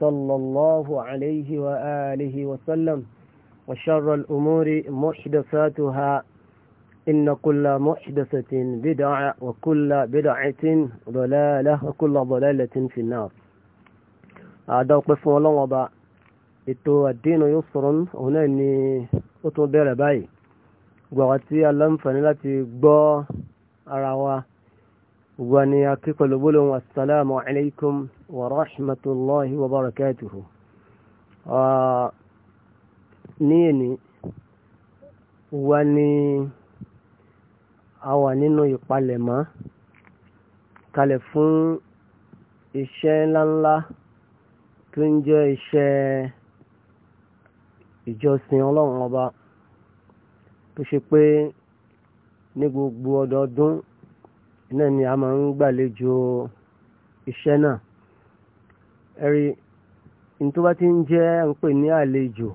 صلى الله عليه وآله وسلم وشر الأمور محدثاتها إن كل محدثة بدعة وكل بدعة ضلالة وكل ضلالة في النار هذا وقف الله وضع إتو الدين yusrun òun náà ni ó tún bẹ̀rẹ̀ báyìí gbọ̀wá tí a gbogbo ni a kí pẹ̀lú gbólóhùn assalamu alaikum wa rahmatulahi wa barakatuhu ní èní wa ni a wà nínú ìpalẹ̀mọ́ kalẹ̀ fún iṣẹ́ ńláńlá tó ń jẹ́ iṣẹ́ ìjọsìn ọlọ́run ọba tó gbogbo ọdọọdún iná ni a máa ń gbàlejò iṣẹ́ náà ẹ̀rí ní tó bá ti ń jẹ́ ń pè ní àlejò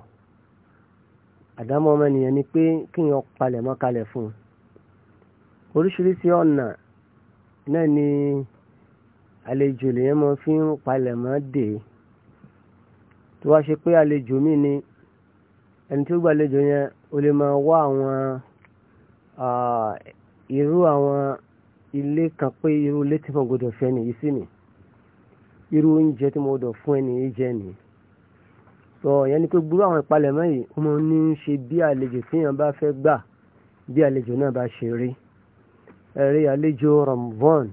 àdámọ́ ọmọ ènìyàn ni pé kíyàn palẹ̀ mọ́ kalẹ̀ fún un oríṣiríṣi ọ̀nà náà ni àlejò lèyàn máa fi ń palẹ̀ mọ́ dè tó wá ṣe pé àlejò mi ni ẹni tí gbàlejò yẹn o lè máa wá àwọn irú àwọn ilé kan pé irú ilé tí mo gbọdọ̀ fẹ́ nìyí sí ni irú oúnjẹ tí mo gbọdọ̀ fún ẹni yìí jẹ nìyí sọ ìyẹn ni pé gbúrú àwọn ìpalẹ̀mọ́ yìí ó máa ní í ṣe bí àlejò téèyàn bá fẹ́ gbà bí àlejò náà bá ṣe rí ẹ̀rí àlejò rọ̀mùbọ́n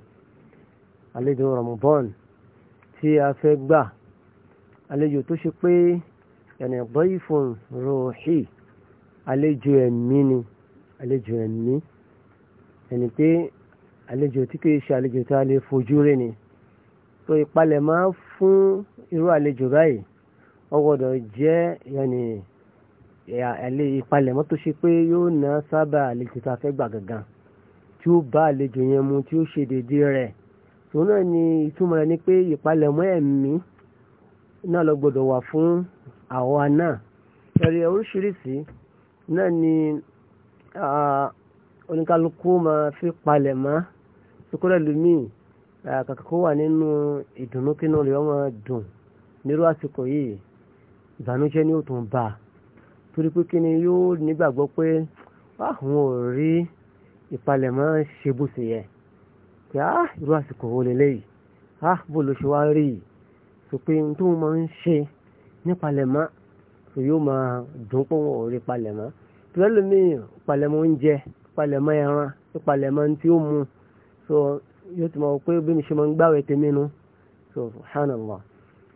àlejò rọ̀mùbọ́n tí a fẹ́ gbà àlejò tó ṣe pé ẹ̀nà ẹ̀gbọ́n ìfọ̀n rọ̀ọ̀ṣì àlejò ẹ̀mí ni àlejò ẹ̀mí ẹni pé àlejò tí kìí ṣe àlejò tí a lè fojú rí ni tó ìpalẹ̀ máa fún irú àlejò báyìí ó gbọ́dọ̀ jẹ́ yẹnì ìpalẹ̀ mọ́ tó ṣe pé yóò ná sábà àlejò tá a fẹ́ gbà gangan tí ó bá àlejò yẹn mu tí ó ṣe dédé rẹ̀ tòun náà ni ìtumọ̀ rẹ̀ ni pé ìpalẹ̀ mọ́ ẹ̀mí náà lọ gbọ́dọ̀ wà fún àwa náà ẹ̀rí oríṣiríṣi náà ni oníkálukú máa fi palẹ̀ mọ́ sukúrẹ́ lómi kàkà kó wà nínú ìdùnnú kínú rẹ̀ ọmọ dùn nírú àsìkò yìí ìbànújẹ́ ni ó tún bá a torí pé kí ni yóò nígbàgbọ́ pé àwọn ò rí ìpalẹ̀mọ́ ṣe bó ṣe yẹ pé á irú àsìkò wo leléyìí á bó ló ṣe wá rí yìí sọ pé n tó máa ń ṣe nípalẹ̀mọ́ yóò máa dùn pé wọn ò rí palẹ̀mọ́ pẹ̀lú mi palẹ̀mọ́ oúnjẹ palẹ̀mọ́ ẹran palẹ̀mọ́ tí ó mu so yóò ti mọ̀ pé bí mi ṣe máa ń gbàwẹ̀ tèmi nu so subhanallah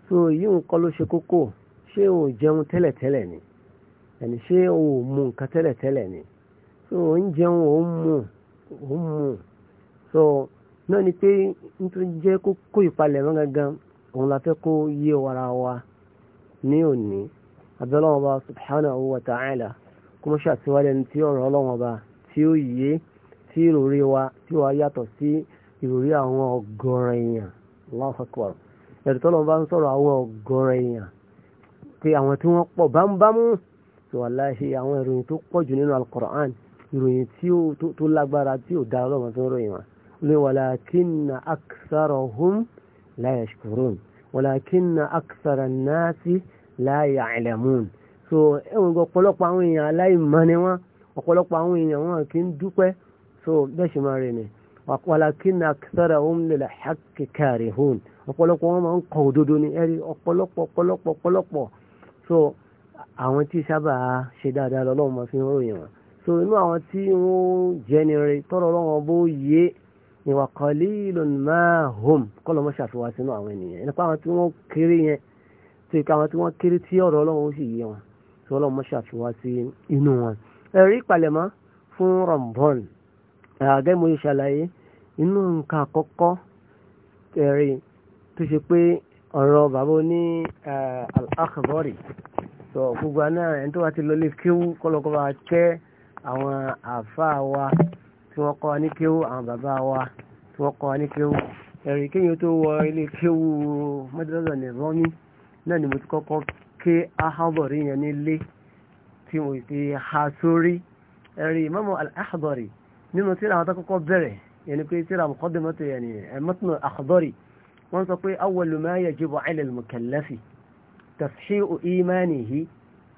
so yìí nǹkan ló ṣe kókó ṣé o jẹun tẹ́lẹ̀tẹ́lẹ̀ ni ẹni ṣé o mu nǹkan tẹ́lẹ̀tẹ́lẹ̀ ni so o ń jẹun o ń mu o ń mu so náà ni pé nítorí jẹ́ kókó ìpalẹ̀mọ́ gangan òun la fẹ́ kó yé wara wa ní òní abẹ́lẹ́ wọn bá subhanahu wa ta'ala kó mọ́ ṣàtiwálẹ̀ ní tí ọ̀rọ̀ ọlọ́wọ́n bá tí ó yé tí ìròrí wa tí ó wá yàtọ̀ sí ìròrí àwọn ọ̀gọ̀rọ̀ èèyàn Allahu Akbar ẹ̀rù tọ́lọ́ bá ń sọ̀rọ̀ àwọn ọ̀gọ̀rọ̀ èèyàn pé àwọn tí wọ́n pọ̀ bámúbámú tí wallahi àwọn ìròyìn tó pọ̀ jù nínú al-Qur'an ìròyìn tí ó tó lágbára tí ó dára lọ́wọ́ tó ń ròyìn wọn ní walakinna aktharahum la yashkurun walakinna akthara nasi la ya'lamun so ẹ̀wọ̀n gbọ́ pọ̀lọpọ̀ àwọn èèyàn aláìmọ́ ni ọ̀pọ̀lọpọ̀ àwọn èèyàn wọn kì í dúpẹ́ so bẹ́ẹ̀ ṣe máa rìn ní walakin aktharahum lil haqqi karihun ọ̀pọ̀lọpọ̀ wọn máa ń kọ òdodo ní ẹ̀rí ọ̀pọ̀lọpọ̀ ọ̀pọ̀lọpọ̀ ọ̀pọ̀lọpọ̀ so àwọn tí sábà ṣe dáadáa lọ́wọ́ máa fi ń ròyìn wọn so inú àwọn tí wọ́n jẹ́ni rẹ̀ tọ́rọ lọ́wọ́ bó yé wa qalilun ma hum kọ́lọ́ mọ́ ṣàfihàn sínú àwọn ènìyàn nípa àwọn tí wọ́n kéré yẹn tó ìka àwọn tí wọ́n kéré tí ọ̀rọ̀ ọlọ́run ó sì yé wọn tí ẹ̀rí ìpalẹ̀mọ́ fún Ramadan àgẹ́ mo ṣàlàyé inú nǹkan àkọ́kọ́ ẹ̀rí tó ṣe pé ọ̀rọ̀ bàbá oní al-akhbari sọ gbogbo àná ẹni tó wá ti lọlé kéwú kọ́lọ́kọ́ bá kẹ́ àwọn àáfàá wa tí wọ́n kọ́ wa ní kéwú àwọn bàbá wa tí wọ́n kọ́ wa ní kéwú ẹ̀rí kéyìn tó wọ ilé kéwú mọ́tẹ́lọ́dọ̀ ní rọ́mí náà ni mo ti kọ́kọ́ ké ahọ́bọ̀rí yẹn nílé tí wọ́n fi ha sórí ẹ̀rí Imam al-Akhdari nínú tíra àwọn akọ́kọ́ bẹ̀rẹ̀ yẹn ni pé tíra muqaddimatu yani matn al-Akhdari wọ́n sọ pé awwalu ma yajibu ala al-mukallafi tashihu imanihi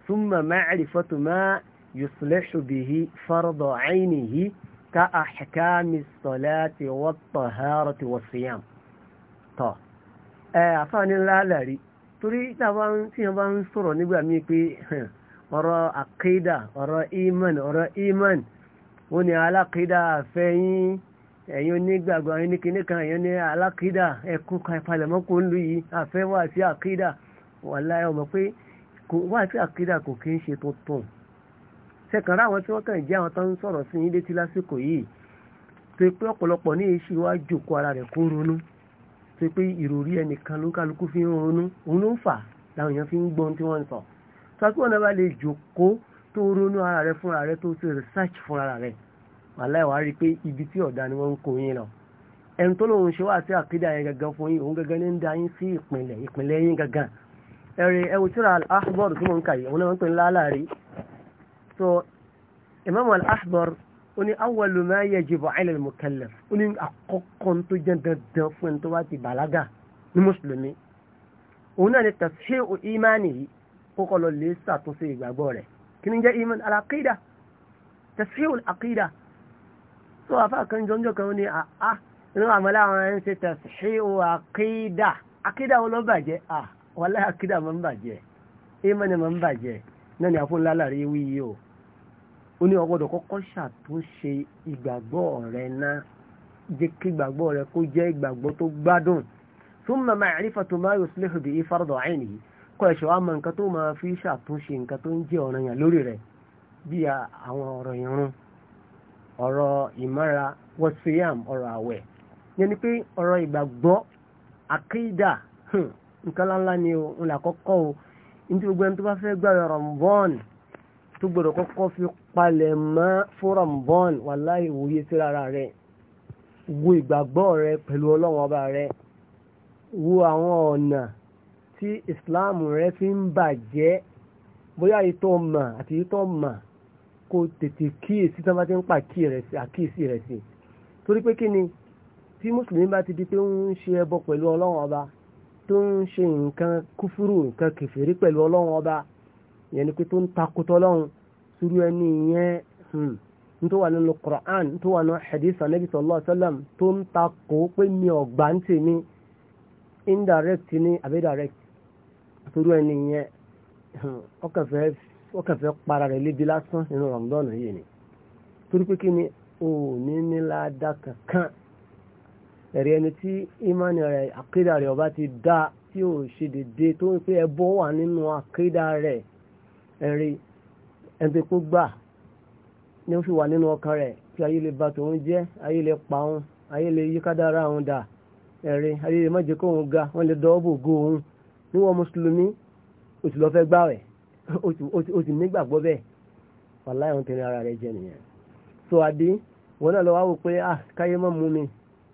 thumma ma'rifatu ma yuslihu bihi farda aynihi ka ahkami salati wa taharati ọ̀rọ̀ àkídà ọ̀rọ̀ iman ọ̀rọ̀ iman wọ́n ní alákídà fẹ́yìn ẹ̀yin onígbàgbọ́ ẹ̀yin nìkíní kan ẹ̀yin ní alákídà ẹkún kan ìpalẹ̀mọ́kò ń lu yìí àfẹ́ wà sí àkídà wallahi ọmọ pé wà sí àkídà kò kí ń ṣe tuntun sẹ́kànrá àwọn tí wọ́n kàn jẹ́ àwọn tó ń sọ̀rọ̀ sí yín létí lásìkò yìí tó pé ọ̀pọ̀lọpọ̀ ní èsì wá jòkó ara rẹ̀ kó ronú tó pé ìròrí ẹnìkan ló kálukú fi ń ronú òun ló ń fà láwọn èèyàn fi ń gbọ́n tí wọ́n ń sọ sàkíwò náà bá lè jòkó tó ronú ara rẹ fúnra rẹ tó ṣe research fúnra rẹ wàláì wàá rí i pé ibi tí ọ̀dà ni wọ́n ń kó yín lọ ẹni tó lóun ṣe wá sí àkídà yẹn gangan fún yín òun gangan ní ń da yín sí ìpìnlẹ̀ ìpìnlẹ̀ yín gangan ẹ̀rì ẹ̀wù tíra al-Akhbar tí mò ń kà yìí òun náà ń pè ń láàlárí so Imam al-Akhbar ó ní awwalu ma yajibu ala al-mukallaf ó ní àkọ́kọ́ tó jẹ́ dandan fún ẹni tó bá ti bàlágà ní mùsùlùmí òun náà ni tashihu kókó lọ lè ṣàtúnṣe ìgbàgbọ́ rẹ̀ kí ni jẹ́ iman alaqida tẹ̀síwòn àkídà tó àfáà kan jọjọ kan ní àá ah, ah, inú àmàlà àwọn ẹni ṣe tẹ̀síwòn àkídà àkídà wọn lọ bàjẹ́ à wàlá àkídà máa ń bàjẹ́ iman máa ń bàjẹ́ náà ni àfún lálàrí wí yìí o ó ní ọgbọ́dọ̀ kọ́kọ́ ṣàtúnṣe ìgbàgbọ́ rẹ̀ náà jẹ́ kí ìgbàgbọ́ rẹ̀ kó jẹ́ ìgbàgbọ́ tó gbádùn thumma ma'rifatu ma yuslihu bihi fardu 'ainihi kọ́ ẹ̀ṣọ́ àmọ́ nǹkan tó máa fi ṣàtúnṣe nǹkan tó ń jẹ́ ọ̀ràn yàn lórí rẹ̀ bí àwọn ọ̀rọ̀ ìrun ọ̀rọ̀ ìmára wọ́síyàm ọ̀rọ̀ àwẹ̀ yẹn ni pé ọ̀rọ̀ ìgbàgbọ́ àkídà nǹkan láńlá ni o ńlá kọ́kọ́ o ní gbogbo ẹni tó bá fẹ́ gbà Ramadan tó gbọ́dọ̀ kọ́kọ́ fi palẹ̀ mọ́ fún Ramadan wàláhì wòye sí ara rẹ̀ wo ìgbàgbọ́ rẹ pẹ̀lú Ọlọ́run ọba rẹ wo àwọn ọ̀nà tí islam rẹ fi ń bàjẹ́ bóyá ìtọ́ mà àti ìtọ́ mà kó tètè kíyèsí tí wọ́n bá ti ń pa àkíyèsí rẹ̀ sí torí pé kí ni tí mùsùlùmí bá ti di pé ń ṣe ẹbọ pẹ̀lú ọlọ́run ọba tó ń ṣe nǹkan kúfúrú nǹkan kẹfìrí pẹ̀lú ọlọ́run ọba ìyẹn ni pé tó ń takotọ́ ọlọ́run sírú ẹni ìyẹn hmm, tó wà nínú Qur'an tó wà nínú hadith anabi sallallahu alayhi wa sallam tó ń takò pé mi ọ̀gbà ń tèmi indirect ni àbí direct torí ẹni yẹn ọkàn fẹ́ para rẹ̀ lébi lásán nínú rọ̀mùdọ́nù yìí ni torí pé kí ni ò ní nílá dá kankan ẹ̀rí ẹni tí ìmánì rẹ̀ àkídà rẹ̀ ọba ti dá tí ò ṣe dédé tó ń pé ẹbọ wà nínú àkídà rẹ̀ ẹ̀rí ẹni tó gbà ni ó fi wà nínú ọkàn rẹ̀ kí ayé lè ba tòun jẹ́ ayé lè pa òun ayé lè yíká dára òun dà ẹ̀rí ayé lè má jẹ́ kóun ga wọ́n lè dọ́wọ́ bò go òun tí wọ́n mùsùlùmí o ti lọ fẹ́ gbààwẹ̀ o ti nígbàgbọ́ bẹ́ẹ̀ wàláhì wọn tẹ̀lé ara rẹ jẹ nìyẹn so àbí wọn náà lọ wá wò pé ah káyé mọ́ mú mi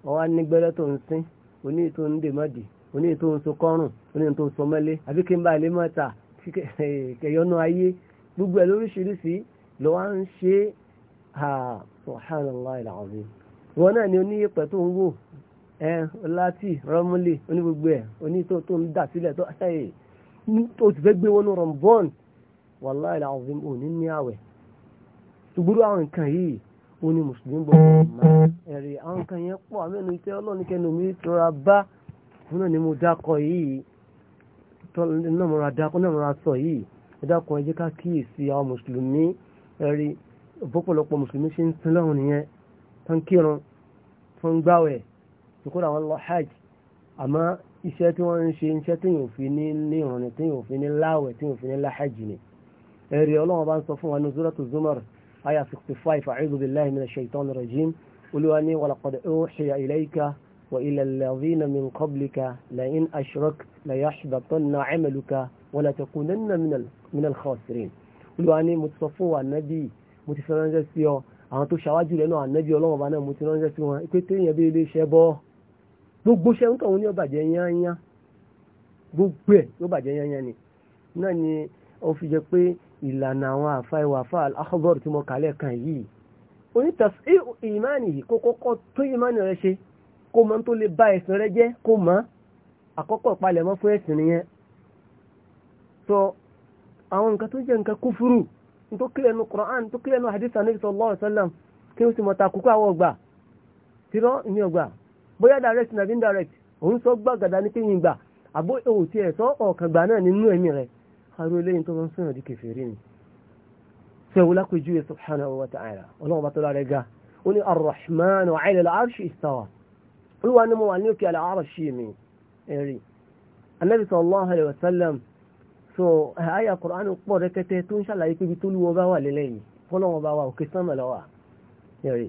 wọn wá nígbẹ́rẹ́ tó ń sín oní ètò ń dè má dì oní ètò ń so kọ́rùn oní ètò ń so mẹ́lẹ́ àbí kí n bá ilé mọ́ ta kẹyọ́nú ayé gbogbo ẹ̀ lóríṣiríṣi ló wá ń ṣe ah, subhanallah alazim wọn náà ni oníyẹ̀pẹ̀ tó ń wò ẹ láti rọmúlì onígbogbo ẹ onítọ̀ tó ń dà sílẹ̀ tó ṣàyè tó ti fẹ́ gbé wọnú rọmbọ́n wàláì làwọn òní ní àwẹ̀ ṣùgbúrú àwọn nǹkan yìí ó ní mùsùlùmí gbọ́ ẹ̀rì àwọn nǹkan yẹn pọ̀ àmẹ́nu iṣẹ́ ọlọ́nikẹ́nu mi tọra bá fún náà ni mo dákọ̀ yìí náà mo ra dákọ̀ náà mo ra sọ yìí mo dákọ̀ ẹ jẹ́ ká kíyèsí àwọn mùsùlùmí ẹ̀rì ọ̀pọ̀lọpọ̀ mùsùlùmí ṣe ń sin lọ́hùn nìyẹn tó kírun tó gbáwẹ̀ kódà wọ́n lọ hajj àmọ́ iṣẹ́ tí wọ́n ń ṣe iṣẹ́ tí yóò fi ní ní ìrànlẹ̀ tí yóò fi ní láwẹ̀ tí yóò fi ní láhajj ni ẹ̀rí ọlọ́run bá ń sọ fún wa ní zúrọ́tù zumar aya sixty five a'udhu billahi minash shaitani rajim olúwa ní walaqad uhiya ilayka wa ila alladhina min qablika la in ashrakta la yahbatanna 'amaluka àwọn tó ṣàwájú rẹ̀ náà ànábì ọlọ́run bá náà mo ti ránṣẹ́ sí wọn pé bí ilé iṣẹ́ bọ́ gbogbo ṣe ń tọ̀hún ní ọbàjẹ́ yányá gbogbo ẹ̀ ló anya yányá ni náà ni ó fi jẹ pé ìlànà àwọn tí mo kàlẹ̀ kan yìí onítàs ìmánì yìí kó kọ́kọ́ tó ìmánì rẹ ṣe kó mọ tó lè bá ẹ̀sìn rẹ jẹ́ kó mọ àkọ́kọ́ fún ẹ̀sìn sọ àwọn nǹkan tó jẹ́ nǹkan kúfúrú tó kílẹ̀ nu Qur'an tó kílẹ̀ nu hadith anabi sallallahu kí ó sì mọ̀ ta kúkú àwọn ọgbà tí ní ọgbà bóyá direct nàbí indirect òun sọ gbàgàdà ní kéyìn gbà àbó òwò tí ẹ̀ sọ ọ̀kan gbà náà nínú ẹ̀mí rẹ̀ aró eléyìí tó máa ń sọ̀rọ̀ di kẹfìrí ni. sẹ́wó lápẹjú ẹ̀ subhanahu wa ta'ala ọlọ́run bá tó lára ga ó ní arrahman wa ala al-arshi istawa olúwa ni mo wà ní òkè al-arshi mi ẹ̀rí anabi sallallahu alayhi wa sallam so àyà Qur'an pọ̀ rẹ́kẹ́tẹ́ tó ń ṣàlàyé pé ibi tó lúwọ́ bá wà lélẹ́yìn fọlọ́wọ́ bá wà òkè sánmà lọ́wọ́ ẹ̀rí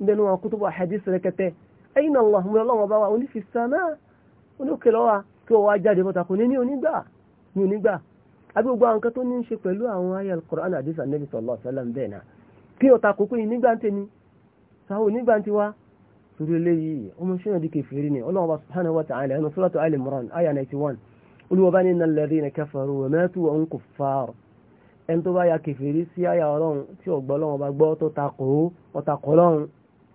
ndẹnu àwọn kútùbù àhàdís rẹkẹtẹ ẹ̀yìn náà wà múlẹ̀ ọlọ́wọ́ bá wa onífìsà náà oníkè lọ́wọ́ kí wọ́n wá jáde bọ́ta kò ní ní onígbà ní onígbà àbí gbogbo àwọn kan tó ní í ṣe pẹ̀lú àwọn ayé alukoran àdìsá nẹ́bí sọ̀lọ́ sẹ́lẹ̀m bẹ́ẹ̀ náà kí ọ̀tà kókó yìí nígbà ń tẹni sáwọ́ onígbà ń tiwa torí eléyìí ọmọ ṣẹ́yìn di kẹfìrí ni ọlọ́wọ́ bá subhanahu wa ta'ala ẹnu suratu Al-Imran aya ninety one olùwọ́bá ní innal ladhina kafaru wa matu wa hum kuffar ẹni tó bá ya kẹfìrí sí aya ọlọ́run tí ọ̀gbọ́ ọlọ́run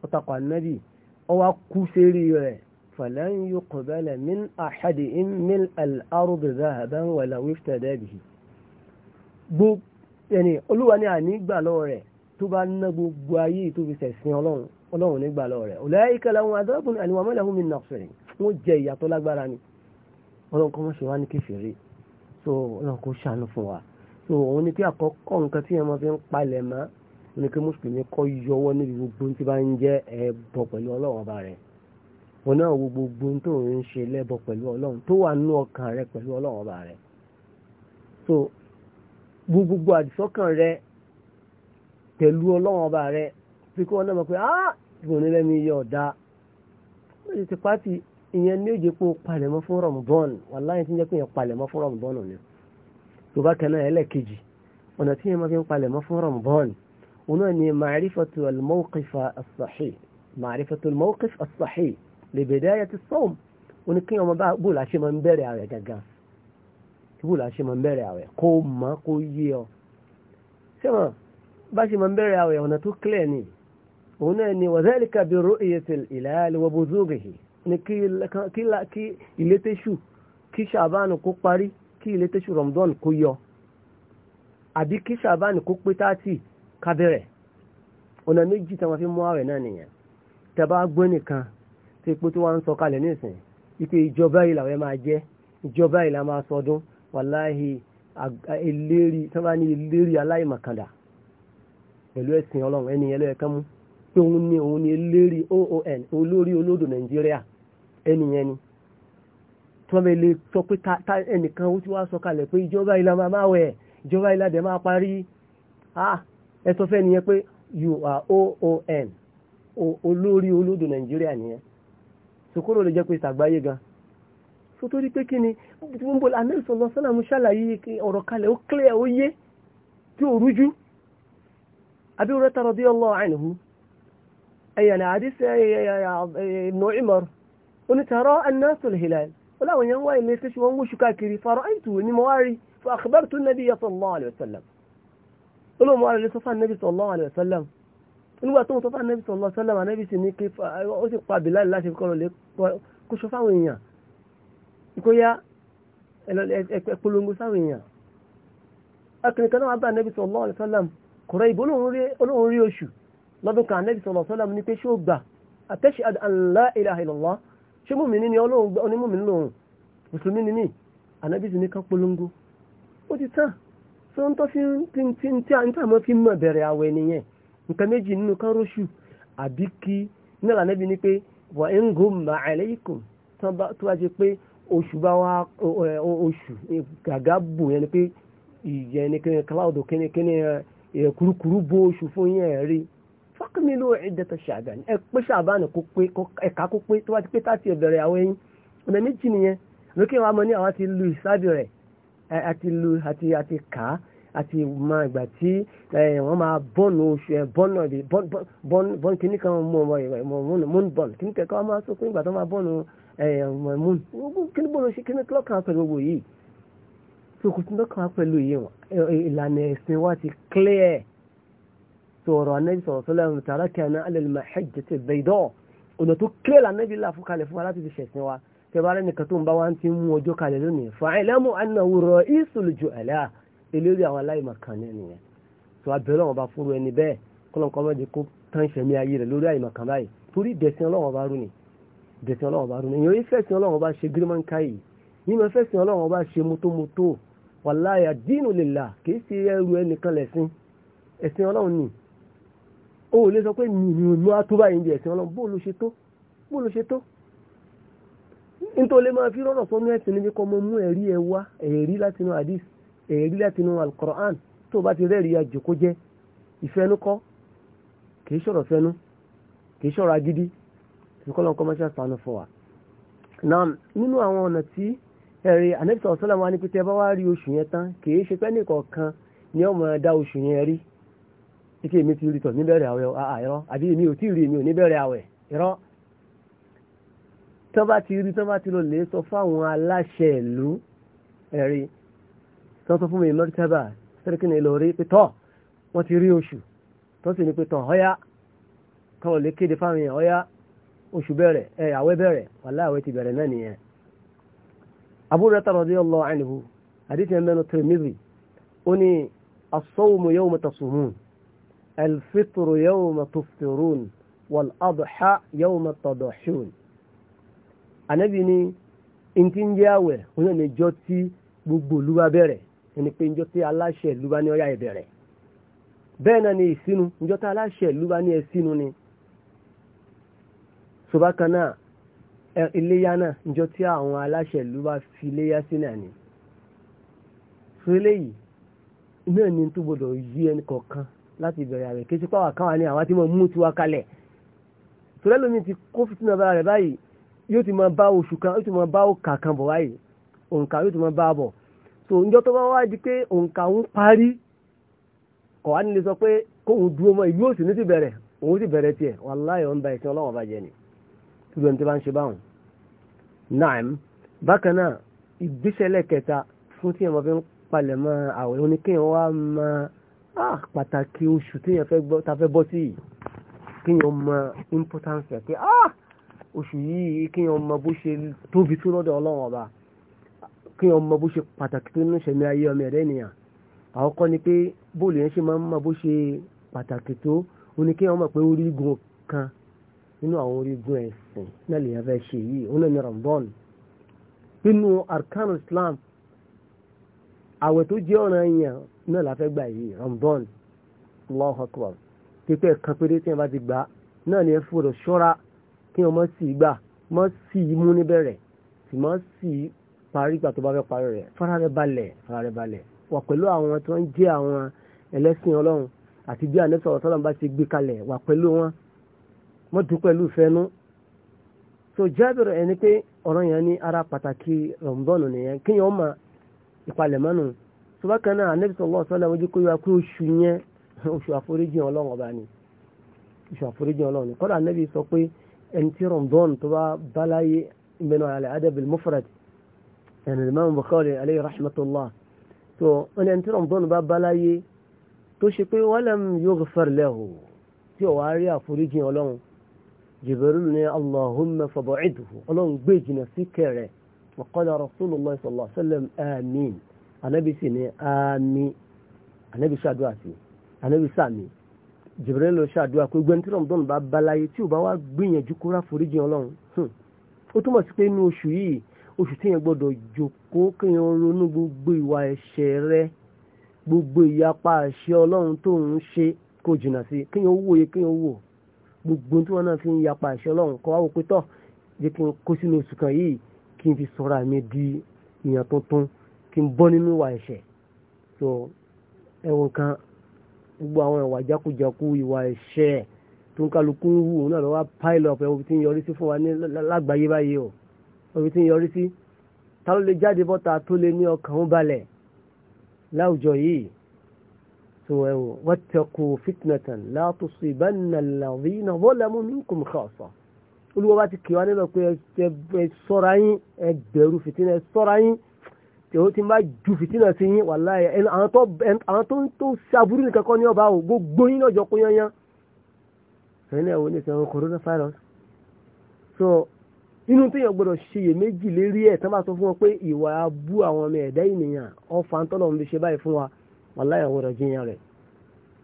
ó takò ànábì ó wá kú sérí rẹ̀ falan yuqbala min ahadin min al-ardi dhahaban walaw iftada bihi gbogbo ẹni olúwa ní ànígbà lọ́wọ́ rẹ̀ tó bá ná gbogbo ayé tó fi ṣẹ̀sìn ọlọ́run ọlọ́run nígbà lọ́wọ́ rẹ̀ ulaika lahum adhabun alim wa ma lahum min nasirin wọ́n jẹ ìyàtọ̀ lágbára ni ọlọ́run kọ́ mọ́ ṣe wá ní kẹfìrí so ọlọ́run kò ṣàánú fún wa so òun ni pé àkọ́kọ́ nǹkan tí yẹn máa fi ń palẹ̀ mọ́ ní kí mùsùlùmí kọ́ yọwọ́ níbi gbogbo tí bá ń jẹ́ ẹbọ pẹ̀lú ọlọ́run ọba rẹ̀ wọn náà wo gbogbo tó ń ṣe lẹ́bọ pẹ̀lú ọlọ́run tó wà nínú ọkàn rẹ pẹ̀lú ọlọ́run ọba rẹ̀ so gbogbo àdìsọ́kàn rẹ pẹ̀lú ọlọ́run ọba rẹ pé kí wọ́n náà mọ̀ pé ah ìgbọ̀n nílẹ̀ mi yọ ọ̀dà wọ́n ti ti pàtì ìyẹn ní òjò pé o palẹ̀mọ́ fún rọ̀mùbọ́n wàláyé tí ń jẹ́ pé yẹn palẹ̀mọ́ fún rọ̀mùbọ́n ni tó bá ẹlẹ́ẹ̀kejì ọ̀nà tí yẹn máa fi ń palẹ̀mọ́ fún rọ̀mùbọ́n هنا معرفة الموقف الصحيح معرفة الموقف الصحيح لبداية الصوم ونكي يوم بقول عشان ما نبرع يا جاجا بقول عشان ما نبرع يا قوم ما قويو سما باش ما نبرع يا هنا تكلني هنا إني وذلك برؤية الهلال وبزوغه نكي كي لا كي اللي تشوف kí ṣàbánu kó parí kí ilé tẹ́ṣù rọ̀mdọ́n kó yọ àbí kí ṣàbánu kó pé táàtì kábẹ̀rẹ̀ ọ̀nà méjì tí wọ́n fi mú àwẹ̀ náà nìyẹn tẹ́bá gbọ́ nìkan tí ipò tí wọ́n ń sọ kalẹ̀ nísìn ipò ìjọba yìí làwọn máa jẹ́ ìjọba yìí la máa sọdún wàláhì eléri tí wọ́n bá ní eléri aláìmọ̀kàndà pẹ̀lú ẹ̀sìn ọlọ́run ẹni yẹn lọ́yẹ̀ kánmú pé òun ni òun ni eléri oon olórí olódò nàìjíríà ẹni yẹn ni tí wọ́n bẹ lè sọ pé ẹnìkan ó ti wá sọ kalẹ̀ pé ìjọba yìí la máa máa wẹ̀ ìjọba yìí la dẹ̀ máa parí ah! ẹ sọ fẹ́ nìyẹn pé you are oon olórí olódò nàìjíríà nìyẹn sòkòrò lè jẹ́ pé ìsàgbáyé gan so torí pé kí ni wọ́n bọ̀ anẹ́sì ọ̀nà sọ́nà mú ọ̀rọ̀ kalẹ̀ ó clear ó yé tí ò rújú àbí rẹ́ta radiyallahu anhu ẹ̀yàn àdìs ibn Umar onítàrọ́ anẹ́sì al-hilal wọ́n láwọn yẹn wá ilé tẹ́sí wọn wóṣù káàkiri fara'aytu ni mo wá rí fa akhbartu an-nabiyya olóòmù alẹ́ sọ́fà nẹ́bí sallallahu alaihi wasallam nígbà tó ń sọ́fà nẹ́bí sallallahu alaihi wasallam anẹ́bí sì ní kí ó sì pa bìláì láti fi kọ́lọ̀ lé kó sọ fáwọn èèyàn ìkóyá ẹ̀pẹ̀polongo sáwọn èèyàn akẹ́ni kan náà bá anẹ́bí sallallahu alaihi wasallam kọ̀rọ̀ ìbò olóhùn rí oṣù lọ́dún kan anẹ́bí sallallahu alaihi wasallam ní pé ṣé ó gbà atashhadu an la ilaha illallah ṣé mùmínì ni ọlọ́run so n tó fi ń tí àmọ́ fi mọ̀ bẹ̀rẹ̀ àwẹ̀ nìyẹn nǹkan méjì nínú kan róṣù àbí kí nílà níbi ni pé wà ń gùn mà alaykum tó bá jẹ pé oṣù bá wá oṣù e, gàgà bù yẹn ni pé ìyẹn ni kíni cloud kíni e, kúrúkúrú bó oṣù fún yẹn rí fákìmílò ìdẹ́tọ̀ ṣàbàn ẹ pé ṣàbàn kó pé ẹ̀ka kó pé tó bá ti pé tá ti bẹ̀rẹ̀ àwẹ̀ yín ọ̀nà méjì nìyẹn lókè wa mọ ní àwọn ti lu ìsáàbì rẹ̀ àti lu àti àti kà á àti mọ ìgbà tí wọ́n máa bọ́ọ̀nù oṣù ẹ̀ bọ́ọ̀nù ọ̀dẹ bọ́ọ̀nù kìíní kan mú ọmọ ẹ̀ moon born kìíní kẹ̀kọ́ máa sọ fún ìgbà tó máa bọ́ọ̀nù moon kìíní bọ́ọ̀nù ṣe kìíní lọ́kàn pẹ̀lú gbogbo yìí tó kò tún lọ́kàn pẹ̀lú yìí ìlànà ẹ̀sìn wa ti clear sọ̀rọ̀ anabi sọ̀rọ̀ sọ́lá ẹ̀rùn tààrà kí tẹbára nìkan tó ń bá wá ń ti mú ọjọ́ kalẹ̀ lónìí fàáìlẹ́mù anáwó rọ ìsòlùjọ àlá eléré àwọn aláìmọ̀kan nìyẹn tó abẹ́rẹ́ wọn bá fúru ẹni bẹ́ẹ̀ kọ́lọ́nkọ́ mẹ́jẹ kó tán ìṣẹ̀mí ayé rẹ̀ lórí àìmọ̀kan báyìí torí dẹ̀sìn ọlọ́wọ́n bá rú ni dẹ̀sìn ọlọ́wọ́n bá rú ni èèyàn ìfẹ́sìn ọlọ́wọ́n bá ṣe gírímọ̀nkáyì yìí mọ̀ fẹ́sìn ọlọ́wọ́n bá ṣe mótómótó wàláyà dínú lèlà kìí ṣe ẹrù bó ló ṣe tó nítorí máa fi rọ́rọ̀ sọ́nú ẹ̀sìn níbi kọ́ mọ́ mú ẹ̀rí ẹ wá ẹ̀rí látinú hadith ẹ̀rí látinú al-Qur'an tó bá ti rẹ́ẹ̀rí àjòkó jẹ́ ìfẹ́nukọ́ kìí sọ̀rọ̀ fẹ́nu kìí sọ̀rọ̀ agídí ìkọlọ̀ kọmọ́ṣẹ́ sànù fún wa. náà nínú àwọn ọ̀nà tí ẹ̀rí anẹ́bìtà ọ̀sọ́lá wa ní pété bá wá rí oṣù yẹn tán kìí ṣe pẹ́ nìkọ̀ọ̀kan ni ó máa dá oṣù yẹn rí ike mi ti rí tọ̀ níbẹ̀rẹ̀ àwẹ̀ àìrọ́ àbí mi ò tí ì rí mi ò níbẹ̀rẹ̀ àwẹ̀ ìrọ́ tán bá ti rí tán bá ti lọ lè sọ fáwọn aláṣẹ ìlú ẹ̀rí tán sọ fún mi mọ́tàbà sẹ́ríkìnì Ìlọrin pé tọ́ wọ́n ti rí oṣù tán sì ní pé tọ́ ọ̀yá kan ò lè kéde fáwọn èèyàn ọ̀yá oṣù bẹ̀rẹ̀ ẹ̀ àwẹ̀ bẹ̀rẹ̀ wàlá àwẹ̀ ti bẹ̀rẹ̀ náà nìyẹn. Abu Hurairah radiyallahu anhu àdìsí ẹ̀mẹ́nu Tirmidhi ó ní as-sawmu yawma tasumun al-fitru yawma tuftirun wal ànábì ni ntí ń jẹ́ àwẹ̀ òun náà níjọ́ tí gbogbo ìlú bá bẹ̀rẹ̀ ẹni pé njọ́ tí aláṣẹ ìlú bá ní ọ̀yà ìbẹ̀rẹ̀ bẹ́ẹ̀ náà ni ìsinu njọ́ tí aláṣẹ ìlú bá ní ẹ̀sínu ni ṣùgbọ́n náà iléyá náà njọ́ tí àwọn aláṣẹ ìlú fi iléyá sí náà ni ṣẹlẹ̀ yìí náà ni tó gbọdọ̀ yí ẹni kọ̀ọ̀kan láti bẹ̀rẹ̀ àwẹ̀ kí ṣe pàwọ̀ káwa ni àwa ti mọ̀ mú tiwa kalẹ̀ tòlẹ́lómi ti kó fìtínà bára rẹ̀ báyìí yóò ti máa bá oṣù kan yóò ti máa bá òǹkà kan bọ̀ wáyé òǹkà yóò ti máa bá bọ̀ so ǹjọ́ tó bá wá di pé òǹkà ń parí kọ̀ wá nílé sọ pé kóun dúró mọ́ ìlú òsì ní ti bẹ̀rẹ̀ òun ti bẹ̀rẹ̀ tiẹ̀ wàláyé ọ̀nba ẹ̀sìn ọlọ́wọ́n bàjẹ́ ni tuntun ẹni tó bá ń ṣe báwọn. naam bákan náà ìgbésẹ̀ lẹ́kẹta fún tí èèyàn fi ń palẹ̀ mọ́ àwẹ̀ òní kéèyàn wá máa ah, pàtàkì oṣù téèyàn fẹ́ bọ́ sí yìí kéèyàn mọ importance ẹ̀ pé ah oṣù yìí kí wọn mọ bó ṣe tóbi tó lọ́dọ̀ ọlọ́run ọba kí wọn mọ bó ṣe pàtàkì tó nínú ìṣẹ̀mí ayé ọmọ ẹ̀dá ènìyàn àkọ́kọ́ ni pé bóòlù yẹn ṣe máa ń mọ bó ṣe pàtàkì tó ó ní kí wọn pé orígun kan nínú àwọn orígun ẹ̀sìn náà lè yẹn ṣe yìí ó náà ní Ramadan nínú arkanu Islam àwẹ̀ tó jẹ́ ọ̀ràn yẹn náà la fẹ́ gbà yìí Ramadan Allahu Akbar pípẹ́ kan péré tí wọn bá ti gbà náà ni ẹ fúrò ṣọ́ra kí wọ́n mọ́ sí gbà mọ́ sí imú níbẹ̀rẹ̀ sì mọ́ sí parí gbà tó bá fẹ́ parí rẹ̀ fara rẹ̀ balẹ̀ fara rẹ̀ balẹ̀ wà pẹ̀lú àwọn tí wọ́n jẹ́ àwọn ẹlẹ́sìn ọlọ́run àti bí ànẹ́sọ̀ ọ̀sọ́lọ́n bá ti gbé kalẹ̀ wà pẹ̀lú wọn wọ́n dùn pẹ̀lú ìfẹ́nu. so Jabir ẹni pé ọ̀rọ̀ yẹn ní ara pàtàkì rọ̀mbọ́ọ̀nù nìyẹn kí yẹn ọmọ ìpalẹ̀mọ́nù tó bá kan náà ànẹ́sọ̀ ọ̀sọ́lọ́n ojú kó yọ pé oṣù yẹn oṣù àforíjì ọlọ́run ọba ni oṣù àforíjì ọlọ́run kọ́dà ànẹ́bí sọ pé ẹni tí rọ̀ǹdọ́n tó bá báláyé mẹ́nu àlẹ́ adẹ́bìl mufrad ẹni Imam Bukhari alayhi rahmatullah tó ẹni ẹni tí rọ̀ǹdọ́n bá báláyé tó ṣe pé walam yughfar lahu tí ó wá rí àforíjì ọlọ́run Jibril ní Allahumma fab'idhu ọlọ́run gbé jìnà sí kẹrẹ̀ wa qala Rasulullah sallallahu alayhi wa sallam àmín anábì sì ní àmín anábì ṣàdúrà sí anábì sàmì Jibril lọ ṣàdúrà pé gbẹ́ntì rọ̀mùdọ́n bá balaye tí ò bá wá gbìyànjú kó ráforíjì ọlọ́run hmm. ó túmọ̀ sí pé inú oṣù yìí oṣù tí yẹn gbọ́dọ̀ jókòó kéèyàn ronú gbogbo ìwà ẹ̀ṣẹ̀ rẹ gbogbo ìyapa àṣẹ ọlọ́run tó ń ṣe kó jìnnà sí kéèyàn wòye kéèyàn wò gbogbo tí wọn náà fi ń yapa àṣẹ ọlọ́run kọ́ wáwò pé tọ́ kí n kó sínú oṣù kan yìí kí n fi sọ̀rọ̀ àmì di ìyàn tuntun kí n bọ́ nínú ìwà ẹ̀ṣẹ̀ so ẹ̀wọ̀n kan gbogbo àwọn ìwà jákujàku ìwà ẹ̀ṣẹ̀ tó ń kálukú ń wù náà lọ́wọ́ pile up ẹ̀wọ̀n tí ń yọrí sí fún wa ní lágbàáyé báyìí o ẹ̀wọ̀n tí ń yọrí sí ta ló lè jáde bọ́ta tó lè ní ọkàn ń balẹ̀ láwùjọ yìí tó ẹ̀wọ̀ wattaqu fitnatan la tusibanna alladhina zalamu minkum khassa olúwa bá ti kí wa nílò pé ẹ ṣọ́ra yín ẹ bẹ̀rù fìtínà ẹ ṣọ́ra yín tèwó tí n bá ju fìtínà sí yín wàláyé ẹni àwọn tó àwọn tó ń tó ṣàbúrú nìkan kọ́ ní ọba o gbogbo yín náà kó yányán ẹni ẹ̀wọ̀n ní ìṣẹ̀wọ̀n coronavirus so inú tó yàn gbọ́dọ̀ ṣiyèméjì lérí ẹ̀ tán bá sọ fún wọn pé ìwà abú àwọn ọmọ ẹ̀dá ènìyàn ọfà ń tọ́lọ̀ ń fi ṣe báyìí fún wa wàláyé ọgbọ́dọ̀ jiyàn rẹ̀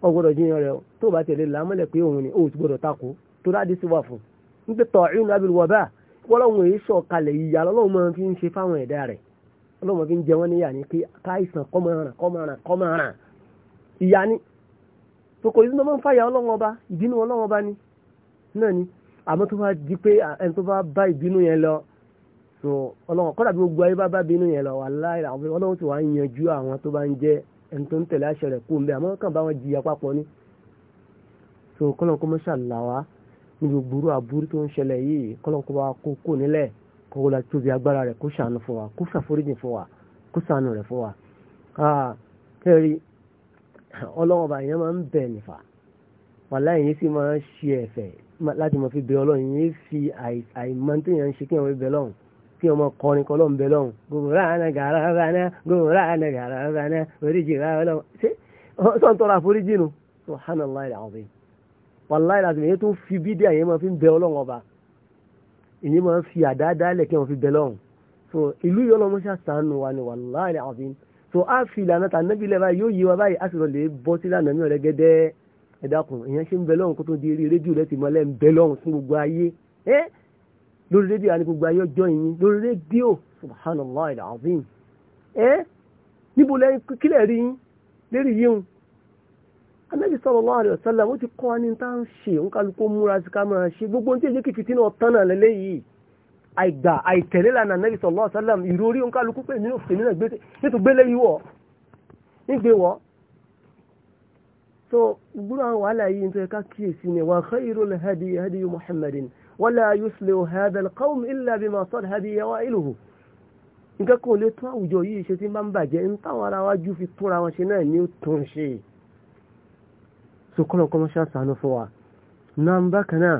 ọgbọ́dọ̀ jiyàn rẹ̀ tó bá tẹ̀lé làmọ́lẹ̀ ni òun ti gbọ́dọ̀ takò tó dáadé sí wà fún un ń ọlọ́mọ fi ń jẹ wọ́n níyà ní pé káìsàn kọ́mọ̀ràn kọ́mọ̀ràn kọ́mọ̀ràn ìyá ni tòkò ìdúná máa ń fàyà ọlọ́wọ́n ọba ìbínú ọlọ́wọ́n ọba ni náà ni àmọ́ tó bá di pé ẹni tó bá bá ìbínú yẹn lọ so ọlọ́wọ́n kọ́dà bí gbogbo ayé bá bá ìbínú yẹn lọ wàláhì ọlọ́wọ́n ti wà ń yanjú àwọn tó bá ń jẹ ẹni tó ń tẹ̀lé àṣẹ rẹ̀ kú mbẹ́ àmọ́ kàn bá wọn jìyà papọ̀ so kọ́lọ́n kó mọ́ṣáláwá ní gbogbo àbúrú tó ń ṣẹlẹ̀ yìí kọ́lọ́n kó bá kọ́wọ́ la tóbi agbára rẹ̀ kó ṣàánú fún wa kó ṣàforíjì fún wa kó ṣàánú rẹ̀ fún wa. kẹ́rì ọlọ́wọ́ba yẹn máa ń bẹ̀ nìfà wàlá yẹn sì máa ń ṣe ẹ̀fẹ̀ láti máa fi bẹ ọlọ́run yẹn fi àìmọ́tò yẹn ń ṣe kí wọ́n bẹ lọ́hùn kí ọmọ kọrin kọ́ lọ́hùn bẹ lọ́hùn gòrò ànàgà rárá gòrò ànàgà rárá oríjì rárá lọ́hùn ṣé sọ́n tọrọ àforíjì nu subhanallah alazim wàlá yẹn láti fi bí díẹ̀ yẹn máa fi bẹ ọlọ́run ọba èyí máa ń fi àdáadáa lẹ̀ kí wọ́n fi bẹ̀ lọ́hùn so ìlú yìí ọlọ́mọ ṣàtàánù wa ni wàláhì àfin so a fi ìlànà tà nẹ́bí lẹ́ba yóò yí wa báyìí a sì lọ lè bọ́ sí lànà mi ọ̀rẹ́ gẹ́dẹ́ ẹ dákun èyàn ṣe ń bẹ lọ́hùn kó tó di eré rédíò rẹ ti mọ lẹ́ ń bẹ lọ́hùn fún gbogbo ayé ẹ lórí rédíò àni gbogbo ayé ọjọ́ yìí lórí rédíò subhanallah alazim ẹ níbo lẹ́yìn kílẹ̀ rí yín lérí yíhun anábì sallallahu alaihi wasallam ó ti kọ́ wa ní tá à ń ṣe òun kálukú múra sí ká máa ṣe gbogbo ohun tí èyí kìkì tí náà tán náà lélẹ́yìí àìgbà àìtẹ̀lé lànà anábì sallallahu alaihi wasallam ìrórí òun kálukú pé nínú òfin náà nítorí gbélé yìí wọ̀ nígbè wọ́ so gbúrò àwọn wàhálà yìí nítorí ká kíyèsí ni wa khairul hadi hadi muhammadin wala yuslihu hadha alqawm illa bima sad hadi yawailuhu nǹkan kan ò lè tún àwùjọ yìí so kọ́nà kọ́ mọ́ṣá sànú fún wa náà bákan náà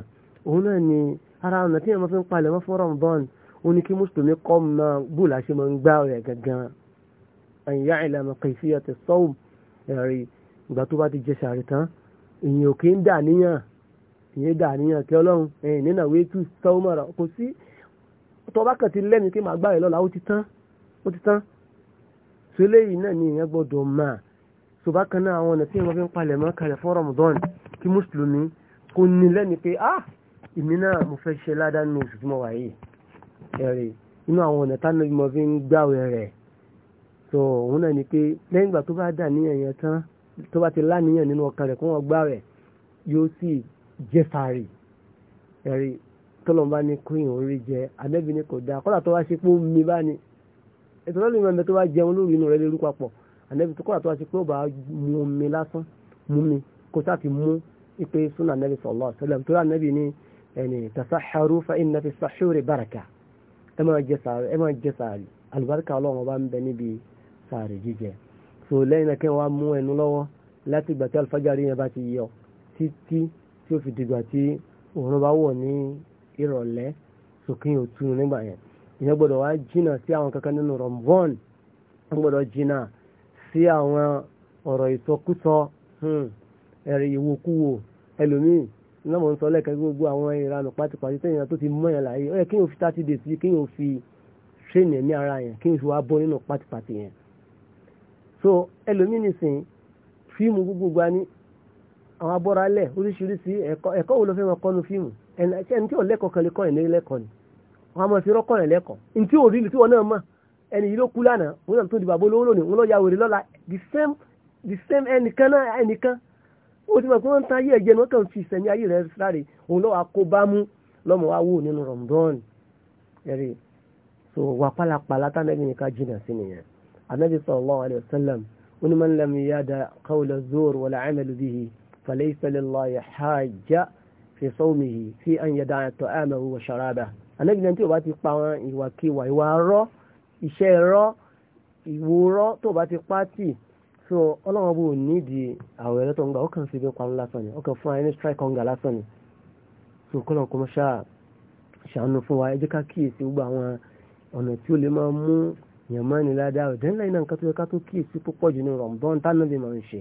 òun náà ni ara ọ̀nà tí èèyàn máa fi ń palẹ̀ mọ́ fún Ramadan ó ní kí mùsùlùmí kọ́ máa bù láṣẹ máa ń gbá rẹ̀ gangan an ya'lama kayfiyata as-sawm ẹ̀rí ìgbà tó bá ti jẹ sàárì tán èèyàn ò kí ń dà níyàn ìyẹn dà níyàn kí ọlọ́run ẹ̀yìn nínà wé tú sọ́wọ́mọ̀rọ̀ kò sí tó bá kàn ti lẹ́nu kí màá gbá rẹ̀ lọ́la ó ti tán ó ti tán so ni èèyàn gbọ́dọ̀ máa so bákan náà àwọn ọ̀nà tí wọ́n fi ń palẹ̀ mọ́ kalẹ̀ fún Ramadan kí mùsùlùmí kò ní lẹ́ni pé ah ìmí náà mo fẹ́ ṣe ládàá nínú oṣù so òun ni pé lẹ́yìn ìgbà tó bá dà níyàn yẹn tán tó bá ti láníyàn nínú ọkàn rẹ̀ kó wọ́n gbàwẹ̀ yóò sì jẹ́ sàárì ní kúrìn orí jẹ àdẹ́bí ni kò dáa kọ́lá tó wá ṣe pé ó mi bá ni ètò lọ́lùmọ̀ mẹ́ tó bá jẹun lórí inú rẹ̀ lérú papọ̀ ànẹ́bí tó kọ́ra tó wá sí pé ó bá mú mi lásán mú mi kó sáà ti mú ipe súnà ànẹ́bí sallallahu alaihi tó rà ànẹ́bí ní ẹni tasaharu fa inna fi sahuri baraka ẹ máa jẹ sàárì àlùbáríkà ọlọ́run ọba ń bẹ níbi sàárì jíjẹ so lẹ́yìn náà kí wọ́n á mú ẹnu lọ́wọ́ láti ìgbà tí yẹn bá ti yọ títí tí ó fi dìgbà tí òun bá wọ̀ ní ìrọ̀lẹ́ sókè òtún nígbà yẹn ìyẹn gbọ́dọ̀ wá jìnnà sí àwọn kankan nínú rọ̀mùbọ́ọ̀nù wọ́n jìnnà sí àwọn ọ̀rọ̀ ìsọkúsọ hmm, ẹ̀rì ìwòkúwò ẹlòmíì iná mọ̀ ń sọ lẹ́ẹ̀kan gbogbo àwọn ìranù pátipàti tẹ̀yìn tó ti mọ́ yẹn láàyè ó yẹ kí n ò fi thirty days yìí kí n ò fi train ẹ̀mí ara yẹn kí n fi wá bọ́ nínú pátipàti yẹn. so ẹlòmíì nìsín fíìmù gbogbo gba ní àwọn abọ́ralẹ̀ oríṣiríṣi ẹ̀kọ́ wo ló fẹ́ máa kọ́nu fíìmù ẹni tí ò lẹ́kọ̀ọ́ kan lè kọ́ ẹ̀ ní lẹ́kọ̀ọ́ ni wọ́n á máa fi rọ́kọ̀ rẹ̀ lẹ́kọ̀ọ́ ẹni yìí ló kú lánàá wọn náà tó di bàbá olówó lónìí wọn lọ ya wèrè lọ́la the same the same ẹnìkan náà ẹnìkan ó ti mọ̀ pé wọ́n ń ta ayé ẹ̀jẹ̀ ni wọ́n kàn fi ìsẹ̀mí ayé rẹ̀ sáré òun lọ́wọ́ akóbámú lọ́mọ wa wò nínú rọ̀mùdọ́ọ̀n ẹ̀rí so wà pálapàla tánàbí nìkan jìnnà sí nìyẹn anabi sallallahu alayhi wa sallam wọn man lam yada qawla zoor wala amalu bihi falaysa lillahi hajja fi sawmihi fi an yada'a ta'amahu wa sharabahu anabi náà tí o bá ti pa àwọn ìwàkiwà ìwà arọ́ iṣẹ́ ẹ̀rọ ìwòrọ́ tó bá ti pátì so ọlọ́wọ́n bò nídìí àwọ̀ ẹ̀rọ tó ń gbà ó kàn fi ibi parun lásán ni ó kàn fún ẹni strike hunger lásán ni so kọ́lọ̀ kọ́ mọ́ ṣáà ṣàánú fún wa ẹ jẹ́ ká kíyèsí gbogbo àwọn ọ̀nà tí ó lè máa mú yàmá ni ládàá ọ̀dẹ́ ńlá iná nǹkan tó yẹ ká tó kíyèsí púpọ̀ jù ní rọ̀mùbọ́n tánàbí máa ń ṣe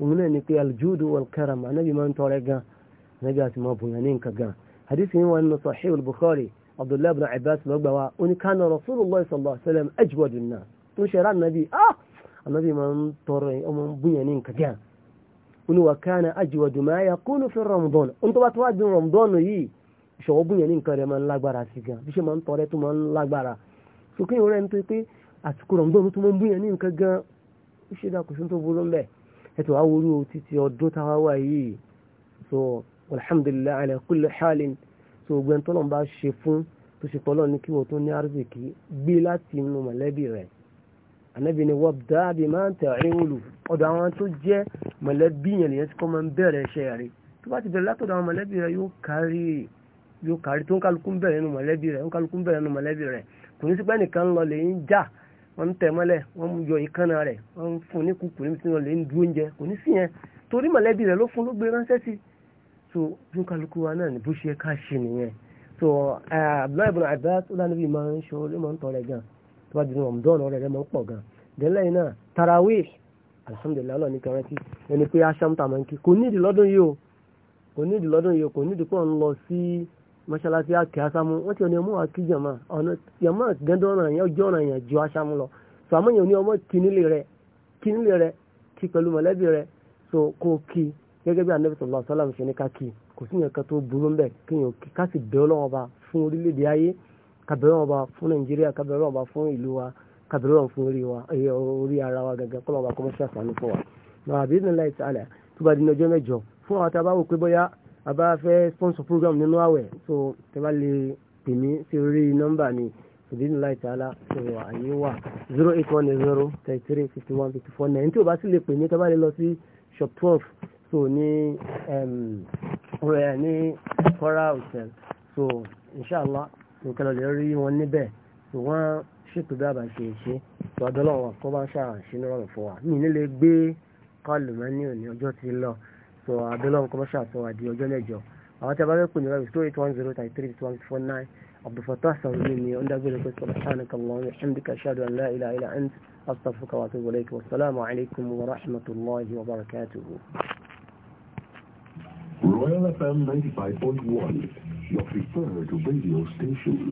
òun náà ni pé aljudu wal karam anábì máa ń tọrẹ gan anábì àti máa bùnyàn ní nǹkan gan hadith yìí wọn nù Sahih al abdullahi ibn abbas lọ́gbà wa ó ní kánà rasulullah sallallahu alaihi wasallam ajwadun nas tó ń ṣẹ̀rá nàbí ah ànàbí máa ń tọrọ ọmọ búyàn ní nǹkan díà ó ní wà kánà ajwadu ma yakunu fi ramadan ó ní tó bá tó wá di ramadan yìí ìṣọ̀wọ́ búyàn ní nǹkan rẹ̀ máa ń lágbára sí gan bí ṣe máa ń tọrẹ tó máa ń lágbára sókè ìwé rẹ̀ pé àsìkò ramadan tó máa ń búyàn ní nǹkan gan ó ṣe so gbẹ́ni tọ́lọ̀ bá ṣe fún tó ṣe pọ́lọ́ ní kí wọ́n tó ní arzikì gbé láti inú mọ̀lẹ́bí rẹ̀ ànábì ni wọ́n dáàbì máa ń tẹ̀ ẹ́ wòlù ọ̀dọ̀ àwọn tó jẹ́ mọ̀lẹ́bí yẹn lèyẹn tí kò máa ń bẹ̀rẹ̀ iṣẹ́ rẹ̀ tó bá ti bẹ̀rẹ̀ látọ̀dọ̀ àwọn mọ̀lẹ́bí rẹ̀ yóò kárí tó ń kálukú bẹ̀rẹ̀ nínú mọ̀lẹ́bí rẹ̀ ń kálukú bẹ̀rẹ̀ nínú mọ̀lẹ́bí rẹ̀ kò ní sí pé nìkan lọ lè ń jà wọ́n ń tẹ̀ mọ́lẹ̀ wọ́n yọ ìkànnà rẹ̀ wọ́n ń fún ní kúkú níbi tí wọ́n lè ń du oúnjẹ kò ní sí yẹn torí mọ̀lẹ́bí rẹ̀ ló fún ló gbé ránṣẹ́ sí so bí kálukú wa náà ní bó ṣe ká ṣe nìyẹn so eh, Abdullahi ibn Abbas ó lánàá bí máa ń ṣe orí máa ń tọrẹ gan tó bá dínú ọmọdọ́ọ̀nù ọ̀rẹ́ rẹ máa ń pọ̀ gan délẹ̀ yìí náà tarawih alhamdulillah ọlọ́ọ̀ ní kẹrẹ́tì ẹni pé aṣámta máa ń kí kò nídìí lọ́dún yìí o kò nídìí lọ́dún yìí o kò nídìí pọ̀ ń lọ sí mọ́ṣáláṣí àkè aṣámú wọ́n ti ní ọmọ wa kí jàmá ọ̀nà jàmá gẹ́dọ̀ ọ̀nà yẹn ọjọ́ ọ̀nà yẹn ju aṣámú lọ so àmọ́ yẹn ò ní ọmọ kínílé rẹ kínílé rẹ kí pẹ̀lú mọ̀lẹ́bí kí gẹ́gẹ́ bí anabi sallallahu alaihi wasallam ṣe ní káàkì kò sí nǹkan tó burú mbẹ kéèyàn ká sì bẹ Ọlọ́run Ọba fún orílẹ̀-èdè ayé ká bẹ Ọlọ́run Ọba fún Nàìjíríà ká bẹ Ọlọ́run Ọba fún ìlú wa ká bẹ Ọlọ́run fún orí wa orí ara wa gẹ́gẹ́ kọlọ Ọba kọmọṣẹ àfààní fún wa. náà àbí ní láì sàlẹ̀ tó bá di ní ọjọ́ mẹ́jọ fún àwọn tá so tẹ bá lè pè ni ìdílé láì tààlà ṣòro àyè wà zero eight one zero thirty three fifty one fifty four nine tí o bá sì lè pè mí tẹ lọ sí shop twelve so ní rẹ̀ ní kọ́ra hotel so inshallah so kẹlẹ̀ lè rí wọn níbẹ̀ so wọ́n ṣètò bí àbá ṣe ṣe so adọ́lọ́wọ́ kọ́ bá ṣàṣe ní ọ̀rọ̀ fún wa ní nílé gbé kọlù mọ́ ní òní ọjọ́ ti lọ so adọ́lọ́wọ́ kọ́ bá ṣàṣọwà di ọjọ́ mẹ́jọ àwọn tí a bá fẹ́ pè ní ọ̀rọ̀ two eight one zero thirty three one four nine abdulfatah sàrúdì ni ó ń dágbére pé sọ̀rọ̀ ní ẹ̀ńdíkà ṣáàdù àlá ìlà ìlà ẹ̀ńd أستغفرك وأتوب إليك والسلام عليكم ورحمة الله وبركاته Royal FM 95.1, your preferred radio station.